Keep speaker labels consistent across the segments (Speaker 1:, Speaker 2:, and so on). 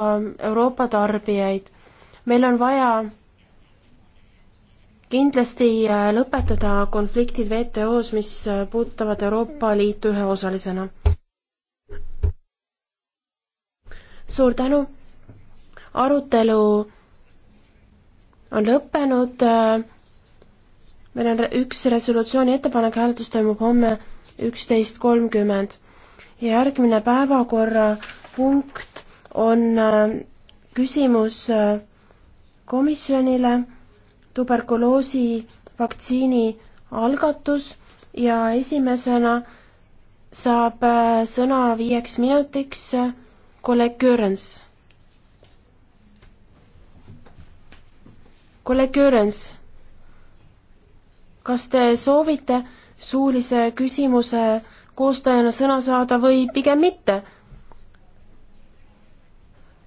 Speaker 1: Ähm, Euroopa tarbijaid. meil on vaja kindlasti äh, lõpetada konfliktid WTO-s, mis äh, puudutavad Euroopa Liitu üheosalisena. suur tänu, arutelu on lõppenud, äh, meil on üks resolutsiooni ettepanek, hääletus toimub homme üksteist kolmkümmend ja järgmine päevakorrapunkt on äh, küsimus äh, komisjonile tuberkuloosi vaktsiini algatus ja esimesena saab äh, sõna viieks minutiks kolleeg Görens. kolleeg Görens, kas te soovite suulise küsimuse koostajana sõna saada või pigem mitte?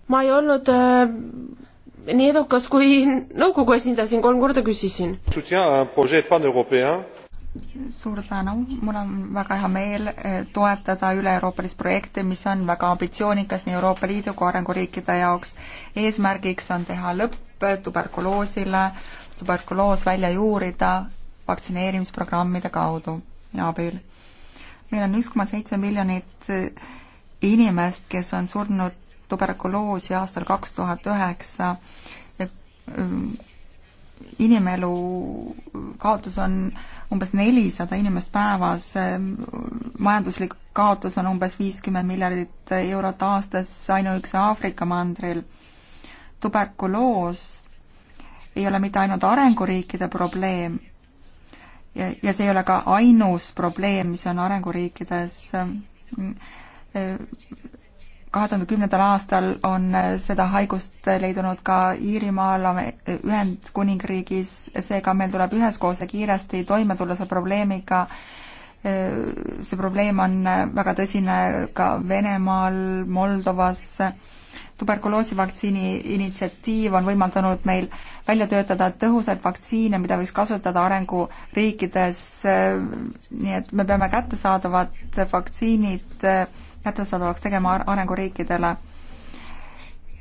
Speaker 1: ma ei olnud äh, nii edukas, kui nõukogu esindaja siin kolm korda küsisin.
Speaker 2: suur tänu, mul on väga hea meel äh, toetada üle-euroopalist projekti, mis on väga ambitsioonikas nii Euroopa Liidu kui arenguriikide jaoks. eesmärgiks on teha lõpp tuberkuloosile, tuberkuloos välja juurida vaktsineerimisprogrammide kaudu ja abil. meil on üks koma seitse miljonit äh, inimest, kes on surnud tuberkuloosi aastal kaks tuhat üheksa ja ähm, inimelu kaotus on umbes nelisada inimest päevas, ähm, majanduslik kaotus on umbes viiskümmend miljardit eurot aastas ainuüksi Aafrika mandril. tuberkuloos ei ole mitte ainult arenguriikide probleem ja, ja see ei ole ka ainus probleem, mis on arenguriikides ähm, äh, kahe tuhande kümnendal aastal on äh, seda haigust leidunud ka Iirimaal, Ühendkuningriigis, seega meil tuleb üheskoos ja kiiresti toime tulla selle probleemiga. Äh, see probleem on äh, väga tõsine ka Venemaal, Moldovas tuberkuloosivaktsiini initsiatiiv on võimaldanud meil välja töötada tõhusaid vaktsiine, mida võiks kasutada arenguriikides, nii et me peame kättesaadavad vaktsiinid kättesaadavaks tegema arenguriikidele.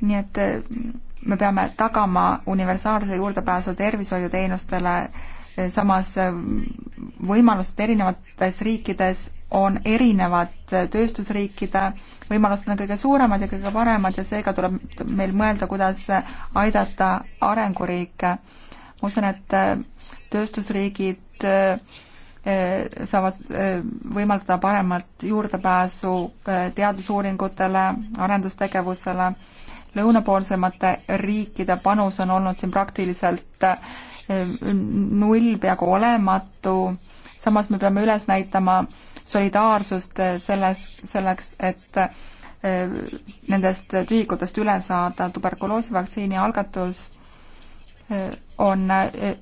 Speaker 2: nii et eh, me peame tagama universaalse juurdepääsu tervishoiuteenustele, samas eh, võimalused erinevates riikides on erinevad tööstusriikide võimalused on kõige suuremad ja kõige paremad ja seega tuleb meil mõelda, kuidas aidata arenguriike. ma usun, et eh, tööstusriigid Eh, saavad eh, võimaldada paremat juurdepääsu eh, teadusuuringutele, arendustegevusele. lõunapoolsemate riikide panus on olnud siin praktiliselt null, peaaegu olematu. samas me peame üles näitama solidaarsust selles, selleks, et nendest tühikutest üle saada. tuberkuloosivaktsiini algatus on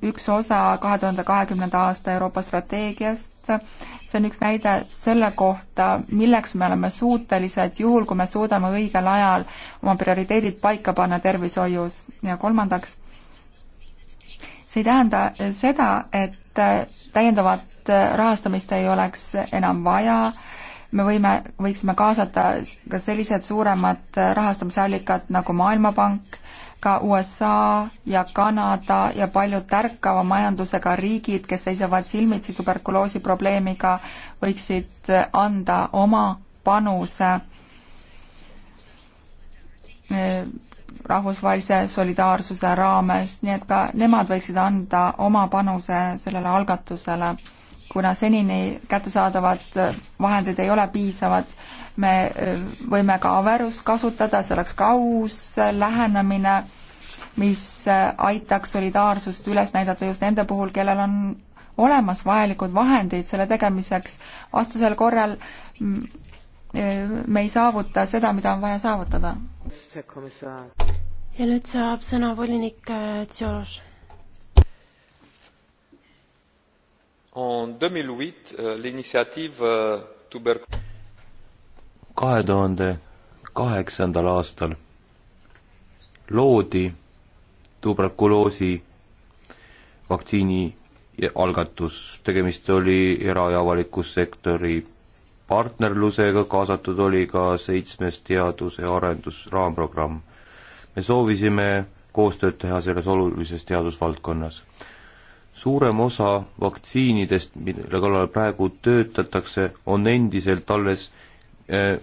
Speaker 2: üks osa kahe tuhande kahekümnenda aasta Euroopa strateegiast. see on üks näide selle kohta, milleks me oleme suutelised, juhul kui me suudame õigel ajal oma prioriteedid paika panna tervishoius. ja kolmandaks, see ei tähenda seda, et täiendavat rahastamist ei oleks enam vaja, me võime, võiksime kaasata ka sellised suuremad rahastamisallikad nagu Maailmapank, ka USA ja Kanada ja paljud tärkava majandusega riigid, kes seisavad silmitsi tuberkuloosi probleemiga, võiksid anda oma panuse eh, rahvusvahelise solidaarsuse raames, nii et ka nemad võiksid anda oma panuse sellele algatusele, kuna senini kättesaadavad vahendid ei ole piisavad me äh, võime ka averust kasutada, see oleks ka uus äh, lähenemine, mis äh, aitaks solidaarsust üles näidata just nende puhul, kellel on olemas vajalikud vahendid selle tegemiseks, vastasel korral mm, me ei saavuta seda, mida on vaja saavutada.
Speaker 1: ja nüüd saab sõna volinik Tsioš.
Speaker 3: En 2008, euh, l'initiative euh, tuberculose kahe tuhande kaheksandal aastal loodi tuberkuloosi vaktsiini algatus, tegemist oli era- ja avaliku sektori partnerlusega, kaasatud oli ka seitsmes teadus- ja arendusraamprogramm. me soovisime koostööd teha selles olulises teadusvaldkonnas. suurem osa vaktsiinidest, mille kallal praegu töötatakse, on endiselt alles Äh,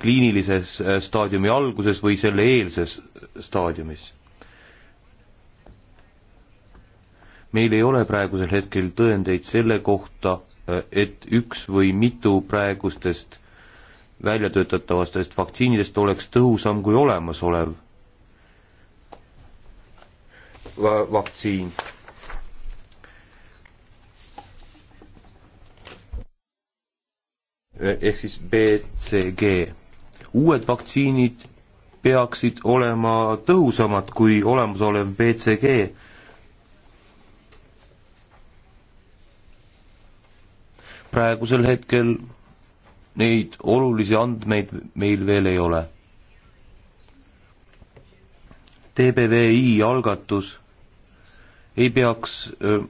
Speaker 3: kliinilises äh, staadiumi alguses või selle eelses staadiumis. meil ei ole praegusel hetkel tõendeid selle kohta, äh, et üks või mitu praegustest väljatöötatavatest vaktsiinidest oleks tõhusam kui olemasolev vaktsiin Eh, ehk siis BCG. uued vaktsiinid peaksid olema tõhusamad kui olemasolev BCG. praegusel hetkel neid olulisi andmeid meil veel ei ole. TBVI algatus ei peaks öö, eh,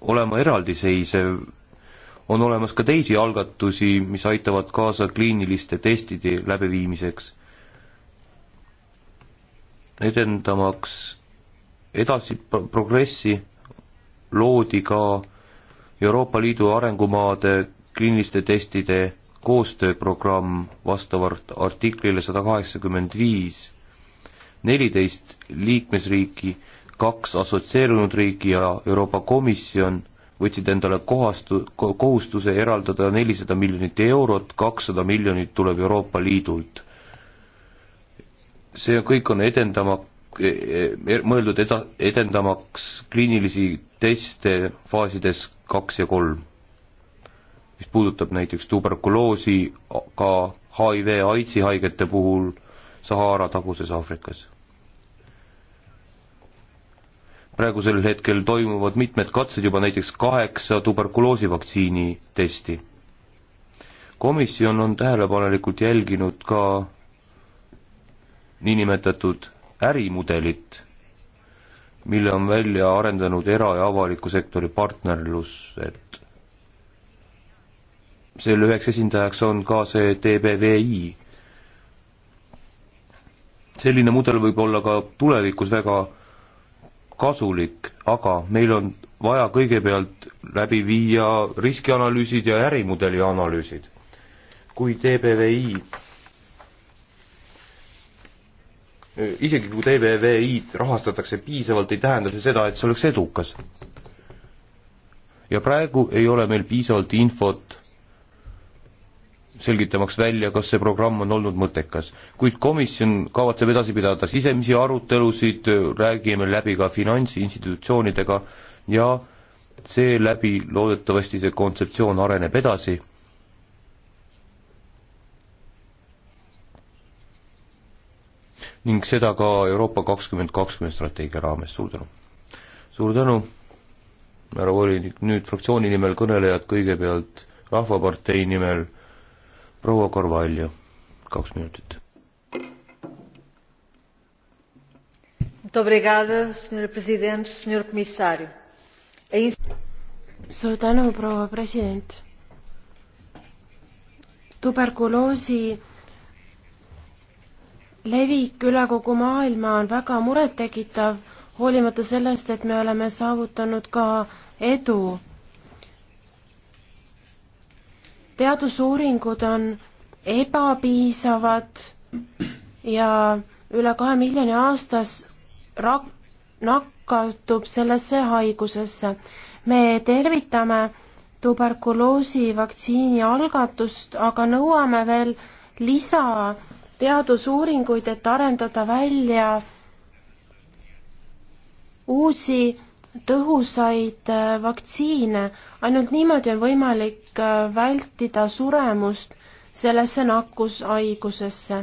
Speaker 3: olema eraldiseisev on olemas ka teisi algatusi, mis aitavad kaasa kliiniliste testide läbiviimiseks, edendamaks edasi progressi, loodi ka Euroopa Liidu arengumaade kliiniliste testide koostööprogramm vastavalt artiklile sada kaheksakümmend viis, neliteist liikmesriiki, kaks assotsieerunud riiki ja Euroopa Komisjon võtsid endale kohastu-, kohustuse eraldada nelisada miljonit eurot, kakssada miljonit tuleb Euroopa Liidult. see kõik on edendama, e-, e-, mõeldud eda-, edendamaks kliinilisi teste faasides kaks ja kolm, mis puudutab näiteks tuberkuloosi, ka HIV, AIDSi haigete puhul Sahara taguses Aafrikas praegusel hetkel toimuvad mitmed katsed juba näiteks kaheksa tuberkuloosivaktsiini testi. komisjon on tähelepanelikult jälginud ka niinimetatud ärimudelit, mille on välja arendanud era- ja avaliku sektori partnerlused. selle üheks esindajaks on ka see TBVI. selline mudel võib olla ka tulevikus väga kasulik, aga meil on vaja kõigepealt läbi viia riskianalüüsid ja ärimudeli analüüsid. kui TBVI, isegi kui TBVI-d rahastatakse piisavalt, ei tähenda see seda, et see oleks edukas. ja praegu ei ole meil piisavalt infot selgitamaks välja, kas see programm on olnud mõttekas. kuid komisjon kavatseb edasi pidada sisemisi arutelusid, räägime läbi ka finantsinstitutsioonidega ja seeläbi loodetavasti see kontseptsioon areneb edasi. ning seda ka Euroopa kakskümmend kakskümmend strateegia raames, suur tänu. suur tänu, härra volinik, nüüd fraktsiooni nimel kõnelejad, kõigepealt Rahvapartei nimel proua Korvaljo, kaks minutit.
Speaker 1: suur tänu, proua president. tuberkuloosi levik üle kogu maailma on väga murettekitav, hoolimata sellest, et me oleme saavutanud ka edu teadusuuringud on ebapiisavad ja üle kahe miljoni aastas rak-, nakatub sellesse haigusesse. me tervitame tuberkuloosi vaktsiini algatust, aga nõuame veel lisa teadusuuringuid, et arendada välja uusi tõhusaid äh, vaktsiine ainult niimoodi on võimalik äh, vältida suremust sellesse nakkushaigusesse.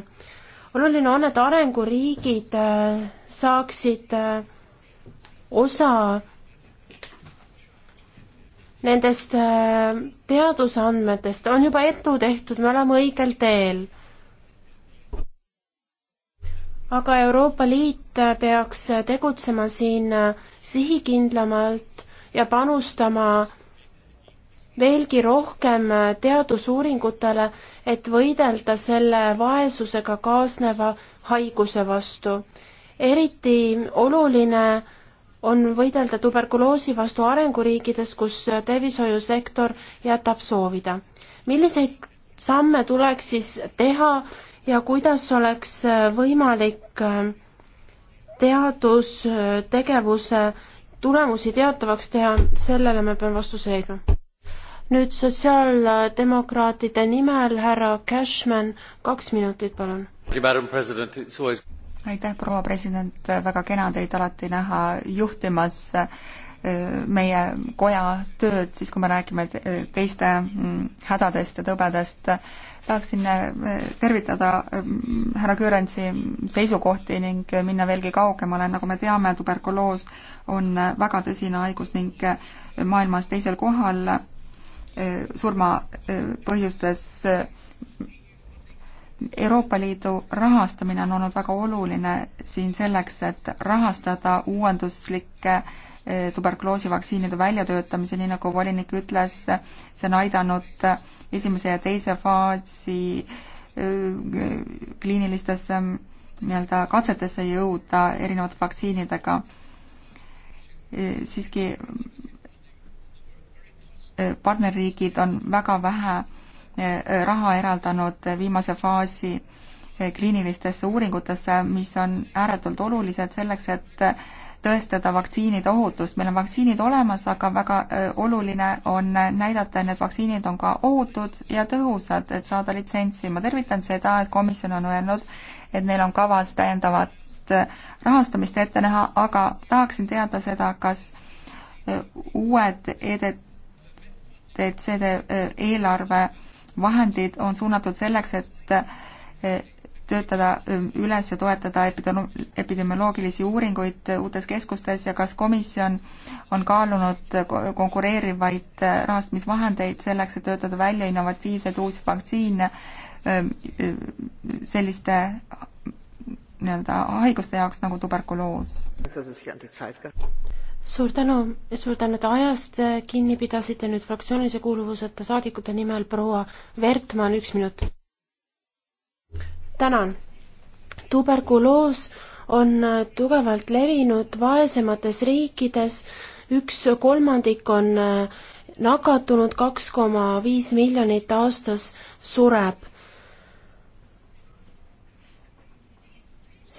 Speaker 1: oluline on, et arenguriigid äh, saaksid äh, osa nendest teadusandmetest, on juba edu tehtud, me oleme õigel teel. aga Euroopa Liit peaks tegutsema siin sihikindlamalt ja panustama veelgi rohkem äh, teadusuuringutele, et võidelda selle vaesusega kaasneva haiguse vastu. eriti oluline on võidelda tuberkuloosi vastu arenguriikides, kus äh, tervishoiusektor jätab soovida. milliseid samme tuleks siis teha ja kuidas oleks äh, võimalik teadustegevuse tulemusi teatavaks teha, sellele me peame vastuse leidma nüüd sotsiaaldemokraatide nimel
Speaker 2: härra Cashman, kaks minutit, palun. aitäh, proua president, väga kena teid alati näha juhtimas äh, meie koja tööd, siis kui me räägime teiste mm, hädadest ja tõbedest. tahaksin äh, tervitada mm, härra Küürentsi seisukohti ning minna veelgi kaugemale, nagu me teame, tuberkuloos on äh, väga tõsine haigus ning maailmas teisel kohal surma e, põhjustas e, Euroopa Liidu rahastamine on olnud väga oluline siin selleks, et rahastada uuenduslike tuberkuloosivaktsiinide väljatöötamise, nii nagu volinik ütles, see on aidanud esimese ja teise faasi e, kliinilistesse nii-öelda katsetesse jõuda erinevate vaktsiinidega. siiski partnerriigid on väga vähe eh, raha eraldanud viimase faasi eh, kliinilistesse uuringutesse, mis on ääretult olulised selleks, et tõestada vaktsiinide ohutust. meil on vaktsiinid olemas, aga väga eh, oluline on näidata, et need vaktsiinid on ka ohutud ja tõhusad, et saada litsentsi. ma tervitan seda, et komisjon on öelnud, et neil on kavas täiendavat rahastamist ette näha, aga tahaksin teada seda, kas uued ED-, et see äh, eelarve vahendid on suunatud selleks, et äh, töötada ähm, üles ja toetada epidemioloogilisi uuringuid äh, uutes keskustes ja kas komisjon on kaalunud konkureerivaid rahastamisvahendeid selleks, et töötada välja innovatiivseid uusi vaktsiine ähm, selliste nii-öelda haiguste jaoks nagu tuberkuloos? suur tänu, suur tänu, et
Speaker 1: ajast äh, kinni pidasite, nüüd fraktsioonilise kuuluvuseta saadikute nimel proua Vertmann, üks minut. tänan. tuberkuloos on äh, tugevalt levinud vaesemates riikides, üks kolmandik on äh, nakatunud, kaks koma viis miljonit aastas sureb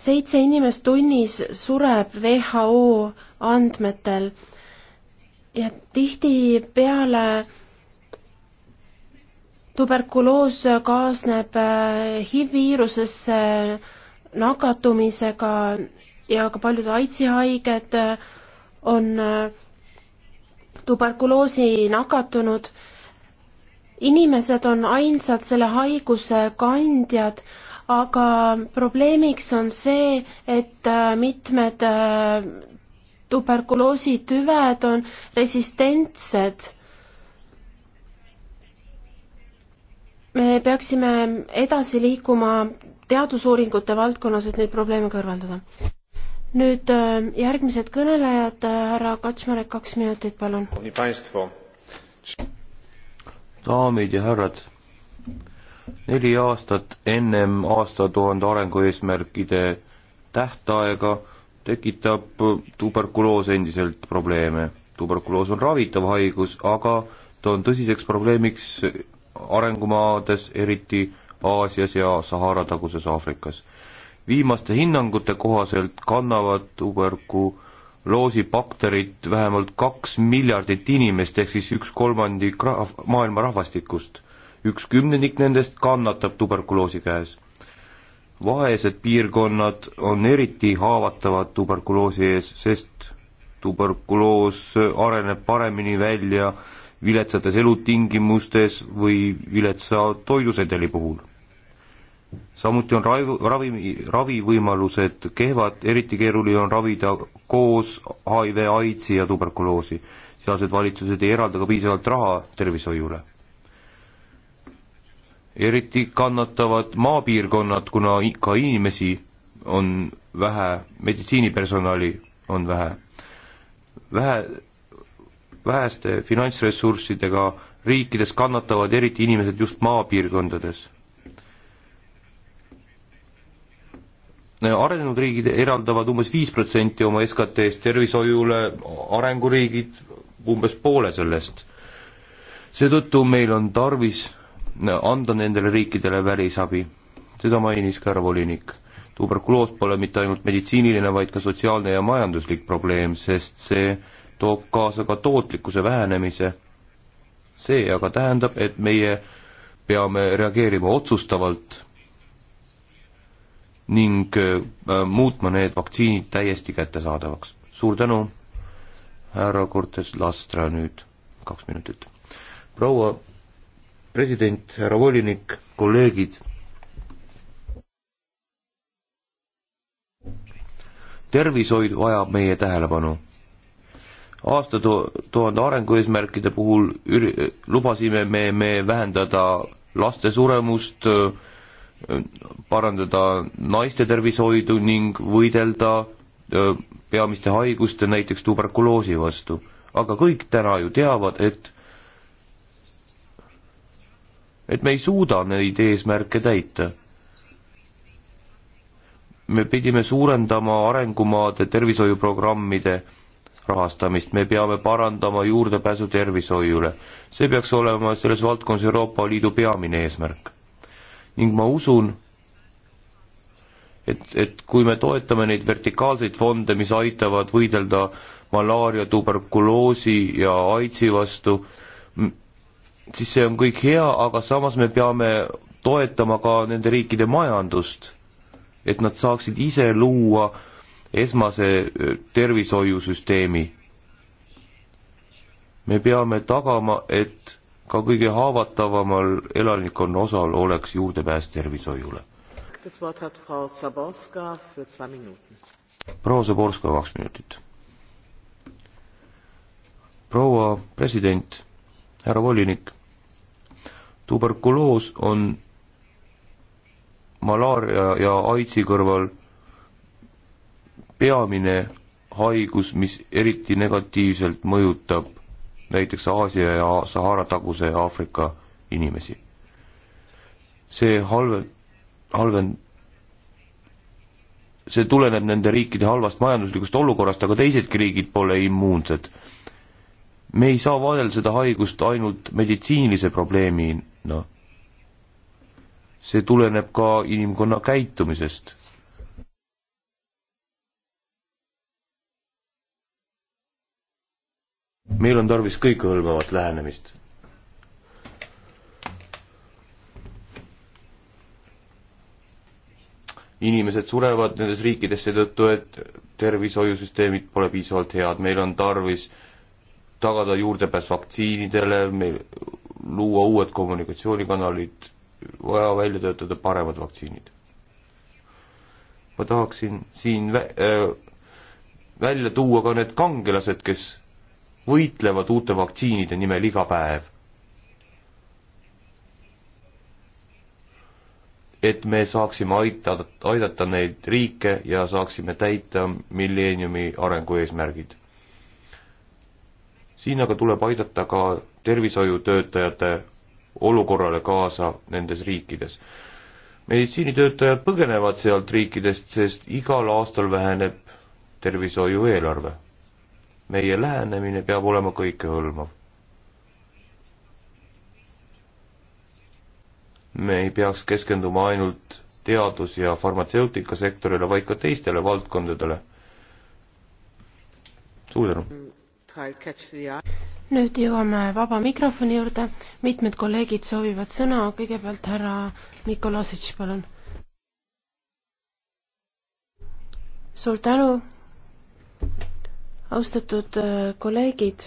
Speaker 1: seitse inimest tunnis sureb WHO andmetel ja tihtipeale tuberkuloos kaasneb äh, HIV-viirusesse nakatumisega ja ka paljud AIDSi haiged äh, on äh, tuberkuloosi nakatunud. inimesed on ainsad selle haiguse kandjad, aga probleemiks on see, et äh, mitmed äh, tuberkuloositüved on resistentsed. me peaksime edasi liikuma teadusuuringute valdkonnas, et neid probleeme kõrvaldada. nüüd äh, järgmised kõnelejad, härra Katsmarek, kaks minutit, palun.
Speaker 3: daamid ja härrad neli aastat ennem aastatuhande arengueesmärkide tähtaega tekitab tuberkuloos endiselt probleeme. tuberkuloos on ravitav haigus, aga ta on tõsiseks probleemiks arengumaades, eriti Aasias ja Sahara taguses Aafrikas. viimaste hinnangute kohaselt kannavad tuberkuloosibakterit vähemalt kaks miljardit inimest ehk siis üks kolmandik rahv-, maailma rahvastikust üks kümnendik nendest kannatab tuberkuloosi käes. vaesed piirkonnad on eriti haavatavad tuberkuloosi ees, sest tuberkuloos areneb paremini välja viletsates elutingimustes või viletsa toidusedeli puhul. samuti on raiv, ravimi, ravivõimalused kehvad, eriti keeruline on ravida koos HIV, AIDSi ja tuberkuloosi. sealsed valitsused ei eralda ka piisavalt raha tervishoiule eriti kannatavad maapiirkonnad, kuna ka inimesi on vähe, meditsiinipersonali on vähe. vähe, väheste finantsressurssidega riikides kannatavad eriti inimesed just maapiirkondades. arenenud riigid eraldavad umbes viis protsenti oma SKT-st tervishoiule, arenguriigid umbes poole sellest. seetõttu meil on tarvis anda nendele riikidele välisabi. seda mainis ka härra volinik. tuberkuloos pole mitte ainult meditsiiniline, vaid ka sotsiaalne ja majanduslik probleem, sest see toob kaasa ka tootlikkuse vähenemise. see aga tähendab, et meie peame reageerima otsustavalt ning äh, muutma need vaktsiinid täiesti kättesaadavaks. suur tänu, härra Cortes Lastra nüüd kaks minutit. proua president, härra volinik, kolleegid. tervishoid vajab meie tähelepanu. aasta tuhande arengueesmärkide puhul üri-, lubasime me, me vähendada laste suremust, parandada naiste tervishoidu ning võidelda peamiste haiguste, näiteks tuberkuloosi vastu. aga kõik täna ju teavad, et et me ei suuda neid eesmärke täita. me pidime suurendama arengumaade tervishoiuprogrammide rahastamist, me peame parandama juurdepääsu tervishoiule. see peaks olema selles valdkonnas Euroopa Liidu peamine eesmärk. ning ma usun, et, et kui me toetame neid vertikaalseid fonde, mis aitavad võidelda malaaria, tuberkuloosi ja AIDSi vastu, siis see on kõik hea, aga samas me peame toetama ka nende riikide majandust, et nad saaksid ise luua esmase tervishoiusüsteemi. me peame tagama, et ka kõige haavatavamal elanikkonna osal oleks juurdepääs tervishoiule. proua Zaborska, kaks minutit. proua president härra volinik, tuberkuloos on malaaria ja AIDSi kõrval peamine haigus, mis eriti negatiivselt mõjutab näiteks Aasia ja Sahara taguse Aafrika inimesi. see halve, halven-, see tuleneb nende riikide halvast majanduslikust olukorrast, aga teisedki riigid pole immuunsed me ei saa vaadelda seda haigust ainult meditsiinilise probleemina no.. see tuleneb ka inimkonna käitumisest. meil on tarvis kõikehõlmavat lähenemist. inimesed surevad nendes riikides seetõttu, et tervishoiusüsteemid pole piisavalt head, meil on tarvis äh, tagada juurdepääs vaktsiinidele, luua uued kommunikatsioonikanalid, vaja välja töötada paremad vaktsiinid. ma tahaksin siin vä äh, välja tuua ka need kangelased, kes võitlevad uute vaktsiinide nimel iga päev. et me saaksime aita, aidata neid riike ja saaksime täita milleeniumi arengu eesmärgid siin aga tuleb aidata ka tervishoiutöötajate olukorrale kaasa nendes riikides. meditsiinitöötajad põgenevad sealt riikidest, sest igal aastal väheneb tervishoiu eelarve. meie lähenemine peab olema kõikehõlmav. me ei peaks keskenduma ainult teadus- ja farmatseutikasektorile, vaid ka teistele valdkondadele. suur tänu!
Speaker 1: nüüd jõuame vaba mikrofoni juurde, mitmed kolleegid soovivad sõna, kõigepealt härra Mikolasitš, palun. suur tänu, austatud äh, kolleegid.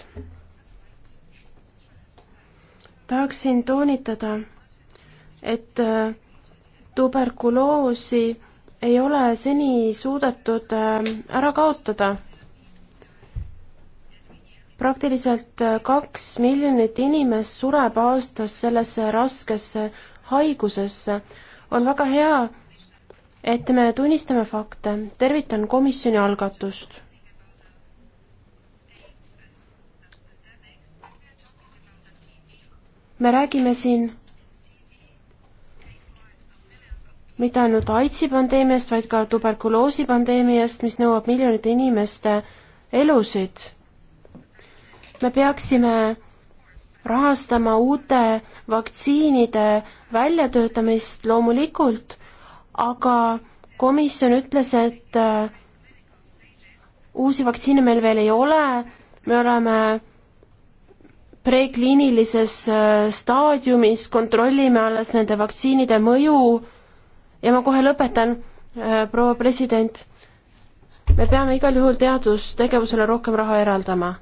Speaker 1: tahaksin toonitada, et äh, tuberkuloosi ei ole seni suudetud äh, ära kaotada praktiliselt äh, kaks miljonit inimest sureb aastas sellesse raskesse haigusesse. on väga hea, et me tunnistame fakte, tervitan komisjoni algatust. me räägime siin mitte ainult AIDSi pandeemiast, vaid ka tuberkuloosi pandeemiast, mis nõuab miljonite inimeste elusid me peaksime rahastama uute vaktsiinide väljatöötamist loomulikult, aga komisjon ütles, et äh, uusi vaktsiine meil veel ei ole, me oleme prekliinilises äh, staadiumis, kontrollime alles nende vaktsiinide mõju ja ma kohe lõpetan, äh, proua president, me peame igal juhul teadustegevusele rohkem raha eraldama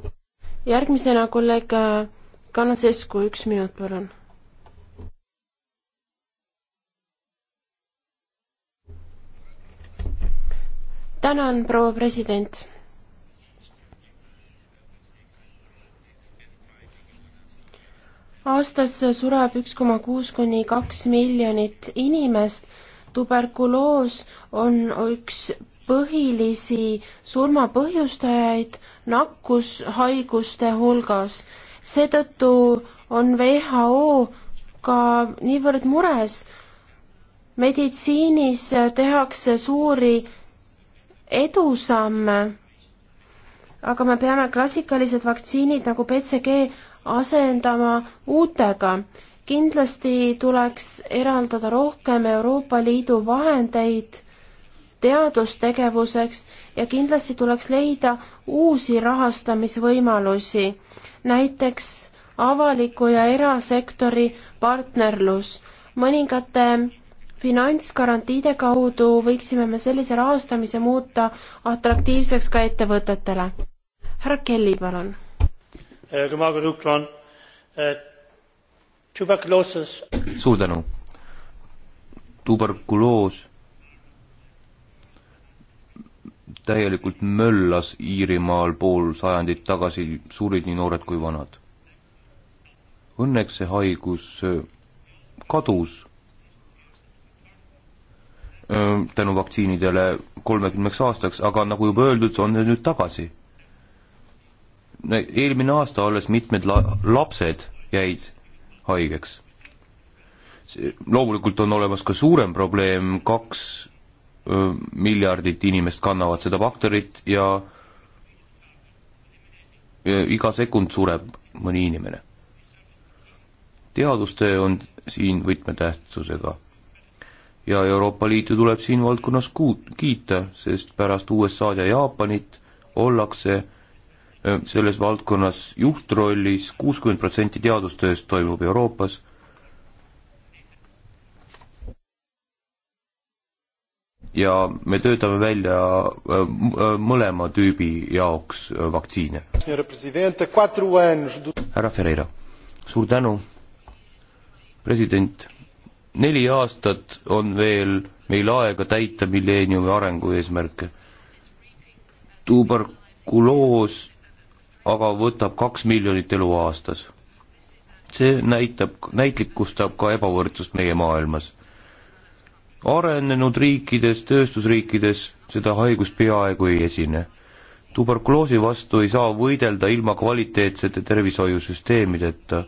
Speaker 1: järgmisena kolleeg äh, Kannasesku, üks minut, palun. tänan, proua president aastas sureb üks koma kuus kuni kaks miljonit inimest. tuberkuloos on üks põhilisi surmapõhjustajaid nakkushaiguste hulgas. seetõttu on WHO ka niivõrd mures. meditsiinis tehakse suuri edusamme, aga me peame klassikalised vaktsiinid nagu BCG asendama uutega. kindlasti tuleks eraldada rohkem Euroopa Liidu vahendeid teadustegevuseks ja kindlasti tuleks leida uusi rahastamisvõimalusi, näiteks avaliku ja erasektori partnerlus. mõningate finantsgarantiide kaudu võiksime me sellise rahastamise muuta atraktiivseks ka ettevõtetele. härra Kelly, palun.
Speaker 3: Eh, eh, suur tänu. tuberkuloos täielikult möllas Iirimaal pool sajandit tagasi, surid nii noored kui vanad. Õnneks see haigus äh, kadus äh, tänu vaktsiinidele kolmekümneks aastaks, aga nagu juba öeldud, see on nüüd tagasi. eelmine aasta alles mitmed la-, lapsed jäid haigeks. loomulikult on olemas ka suurem probleem, kaks miljardit inimest kannavad seda bakterit ja iga sekund sureb mõni inimene. teadustöö on siin võtmetähtsusega ja Euroopa Liitu tuleb siin valdkonnas kuut-, kiita, sest pärast USA-d ja Jaapanit ollakse selles valdkonnas juhtrollis, kuuskümmend protsenti teadustööst toimub Euroopas ja me töötame välja äh, äh, mõlema tüübi jaoks äh, vaktsiine. härra Ferreira, suur tänu. president, neli aastat on veel meil aega täita milleeniumi arengu eesmärke. tuberkuloos aga võtab kaks miljonit elu aastas. see näitab, näitlikustab ka ebavõrdsust meie maailmas arenenud riikides, tööstusriikides seda haigust peaaegu ei esine. tuberkuloosi vastu ei saa võidelda ilma kvaliteetsete tervishoiusüsteemideta,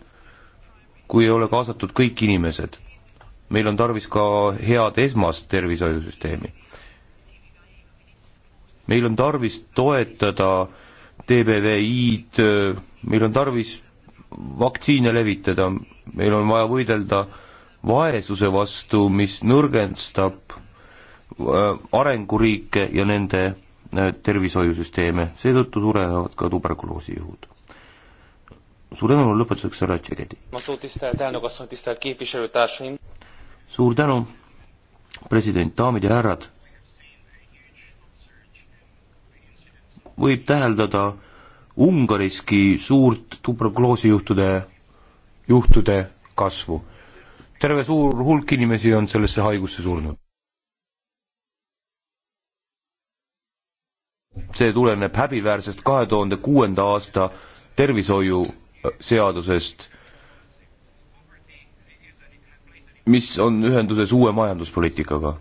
Speaker 3: kui ei ole kaasatud kõik inimesed. meil on tarvis ka head esmast tervishoiusüsteemi. meil on tarvis toetada TBVI-d, meil on tarvis vaktsiine levitada, meil on vaja võidelda äh, vaesuse vastu, mis nõrgestab äh, arenguriike ja nende äh, tervishoiusüsteeme, seetõttu surenevad ka tuberkuloosijuhud. suur tänu, lõpetuseks härra Tšekedi. suur tänu, president, daamid ja härrad. võib täheldada Ungariski suurt tuberkuloosijuhtude, juhtude kasvu terve suur hulk inimesi on sellesse haigusse surnud. see tuleneb häbiväärsest kahe tuhande kuuenda aasta tervishoiuseadusest, äh, mis on ühenduses uue majanduspoliitikaga.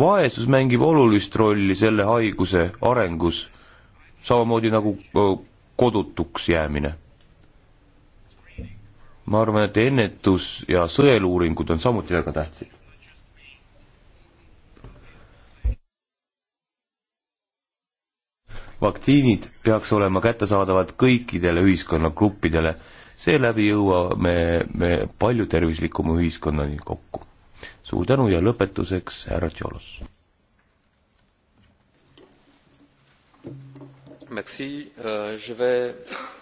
Speaker 3: vaesus mängib olulist rolli selle haiguse arengus, samamoodi nagu äh, kodutuks jäämine ma arvan, et ennetus ja sõeluuringud on samuti väga tähtsad. vaktsiinid peaks olema kättesaadavad kõikidele ühiskonnagruppidele, seeläbi jõuame me palju tervislikuma ühiskonnani kokku. suur tänu ja lõpetuseks härra Tšolos.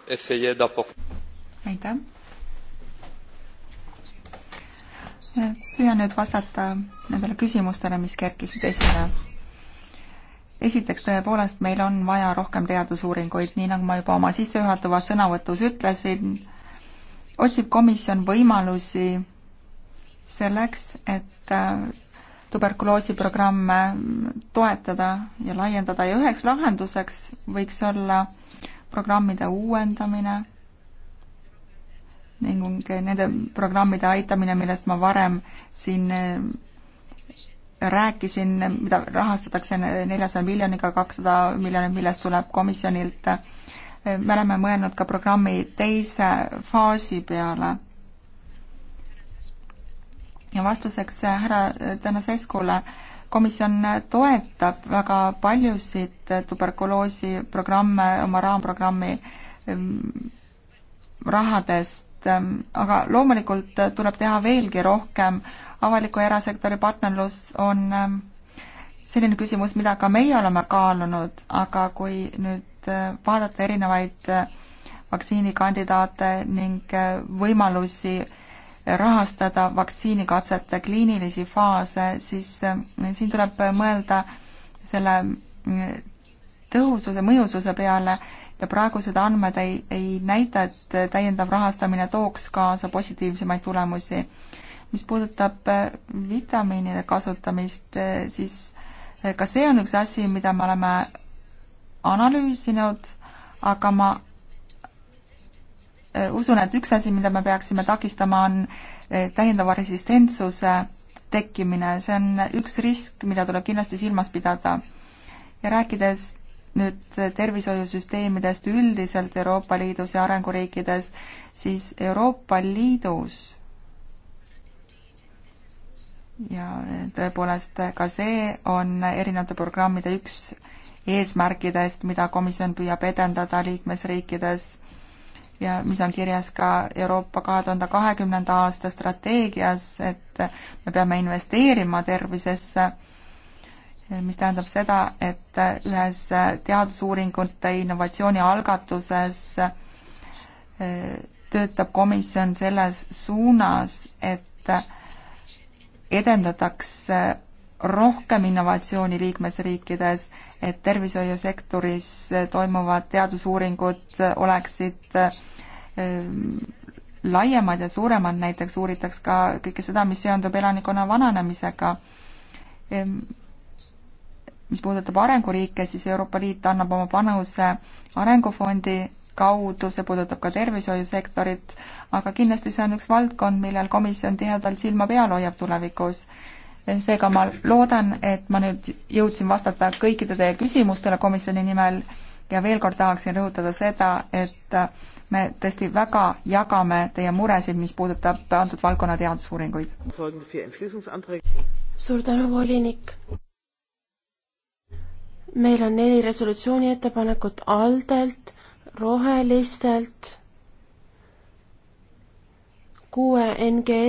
Speaker 3: Euh,
Speaker 2: aitäh püüan nüüd vastata nendele küsimustele, mis kerkisid esile. esiteks, tõepoolest, meil on vaja rohkem teadusuuringuid, nii nagu ma juba oma sissejuhatavas sõnavõtus ütlesin, otsib komisjon võimalusi selleks, et äh, tuberkuloosiprogramme toetada ja laiendada ja üheks lahenduseks võiks olla programmide uuendamine ning nende programmide aitamine, millest ma varem siin äh, rääkisin, mida rahastatakse neljasaja miljoniga, kakssada miljonit, millest tuleb komisjonilt. me oleme mõelnud ka programmi teise faasi peale. ja vastuseks härra Tänaseskule, komisjon toetab väga paljusid tuberkuloosi programme oma raamprogrammi ähm, rahadest Ähm, aga loomulikult tuleb teha veelgi rohkem. avaliku ja erasektori partnerlus on ähm, selline küsimus, mida ka meie oleme kaalunud, aga kui nüüd äh, vaadata erinevaid äh, vaktsiinikandidaate ning äh, võimalusi rahastada vaktsiinikatsete kliinilisi faase, siis siin tuleb mõelda selle tõhususe, mõjususe peale ja praegused andmed ei, ei näita, et täiendav rahastamine tooks kaasa positiivsemaid tulemusi. mis puudutab äh, vitamiinide kasutamist, äh, siis äh, ka see on üks asi, mida me oleme analüüsinud, aga ma usun, et üks asi, mida me peaksime takistama, on täiendava resistentsuse tekkimine, see on üks risk, mida tuleb kindlasti silmas pidada. ja rääkides nüüd tervishoiusüsteemidest üldiselt Euroopa Liidus ja arenguriikides, siis Euroopa Liidus ja tõepoolest ka see on erinevate programmide üks eesmärkidest, mida komisjon püüab edendada liikmesriikides ja mis on kirjas ka Euroopa kahe tuhande kahekümnenda aasta strateegias, et me peame investeerima tervisesse mis tähendab seda, et ühes teadusuuringute innovatsioonialgatuses eh, töötab komisjon selles suunas, et edendataks rohkem innovatsiooni liikmesriikides, et tervishoiusektoris toimuvad teadusuuringud oleksid eh, laiemad ja suuremad, näiteks uuritaks ka kõike seda, mis seondub elanikkonna vananemisega mis puudutab arenguriike, siis Euroopa Liit annab oma panuse arengufondi kaudu, see puudutab ka tervishoiusektorit, aga kindlasti see on üks valdkond, millel komisjon tihedalt silma peal hoiab tulevikus. seega ma loodan, et ma nüüd jõudsin vastata kõikide teie küsimustele komisjoni nimel ja veel kord tahaksin rõhutada seda, et me tõesti väga jagame teie muresid, mis puudutab antud valdkonna teadusuuringuid. suur tänu, volinik!
Speaker 1: meil on neli resolutsiooni ettepanekut ALDE-lt, Rohelistelt, kuue NG e